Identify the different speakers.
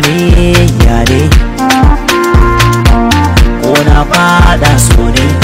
Speaker 1: ne ya ne ko na fada so ne